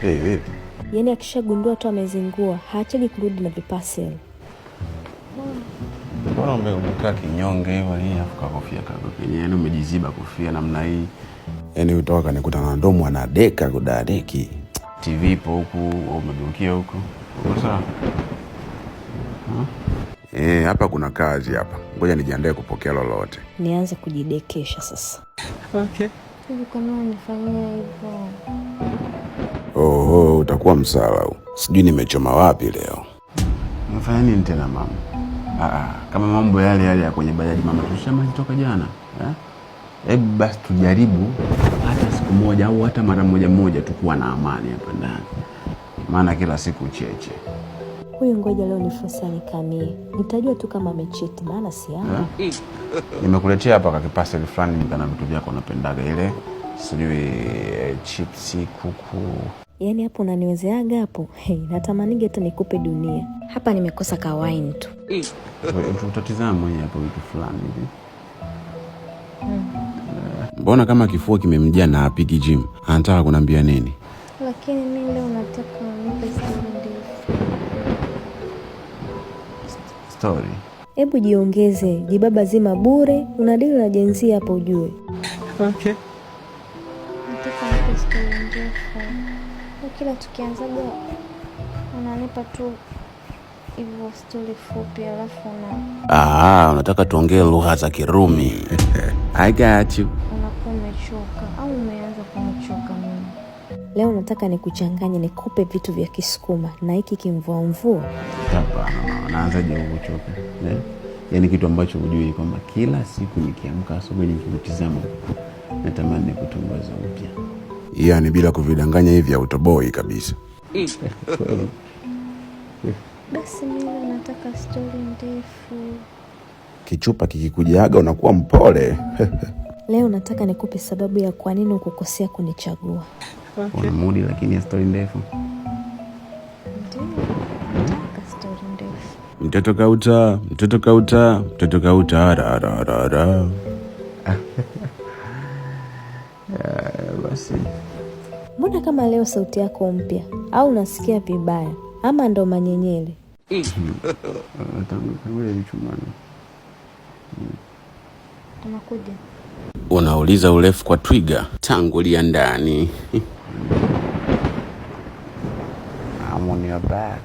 Hey, hey. Yaani akishagundua tu amezingua haachagi kurudi na vipasel. Mbona umekaa kinyonge hivyo leo? Afuka kofia kako kenye, yaani umejiziba kofia namna hii. Yaani utoka kanikuta na ndomo anadeka kudadeki. TV ipo huku, umegeukia huku. Uko sawa? Eh, hapa kuna kazi hapa. Ngoja nijiandae kupokea lolote. Nianze kujidekesha sasa. Okay. Hivi kwa nini unafanya hivyo? Oho, utakuwa msala Sijui nimechoma wapi leo. Unafanya nini tena mama? Aa, ah, ah, kama mambo yale yale ya kwenye bajaji mama, toka jana. Eh? Hebu basi tujaribu hata siku moja au hata mara moja moja tukuwa na amani hapa ndani, maana kila siku cheche huyu. Ngoja leo ni fursa nikamie, nitajua tu kama amechiti, maana si eh? Nimekuletea hapa kakipaseli fulani, kana vitu vyako napendaga ile sijui chipsi, kuku. Yaani hapo unaniwezeaga hapo. Hey, natamanige hata nikupe dunia. Hapa nimekosa kawaini tu. Eh. Utatizama mwenye hapo vitu fulani hivi. Hmm. Mbona kama kifua kimemjia na apigi gym? Anataka kunambia nini? Lakini mimi leo nataka nipe Story. Hebu jiongeze, jibaba zima bure, unadili na jenzia hapo ujue. Okay hapa stori ndefu. Kila tukianzaga unanipa tu hivyo stori fupi, alafu una ah, unataka tuongee lugha za Kirumi. I got you. Unakuwa umechoka au umeanza kunichoka mimi? Leo nataka nikuchanganye, nikupe vitu vya Kisukuma na hiki kimvua mvua. Hapana, naanzaje kuchoka? eh? Yaani kitu ambacho hujui kwamba kila siku nikiamka asubuhi nikikutizama natamani kutumbaza upya yani bila kuvidanganya hivi autoboi kabisa. Basi mimi nataka stori ndefu. Kichupa kikikujaga unakuwa mpole. Leo nataka nikupe sababu ya kwa nini ukukosea kunichagua. Una mudi lakini ya stori ndefu. Mtoto kauta, mtoto kauta, mtoto kauta ra ah, Basi mbona kama leo sauti yako mpya, au unasikia vibaya ama ndo manyenyele? Unauliza urefu kwa twiga, tangulia ndani. I'm on your back.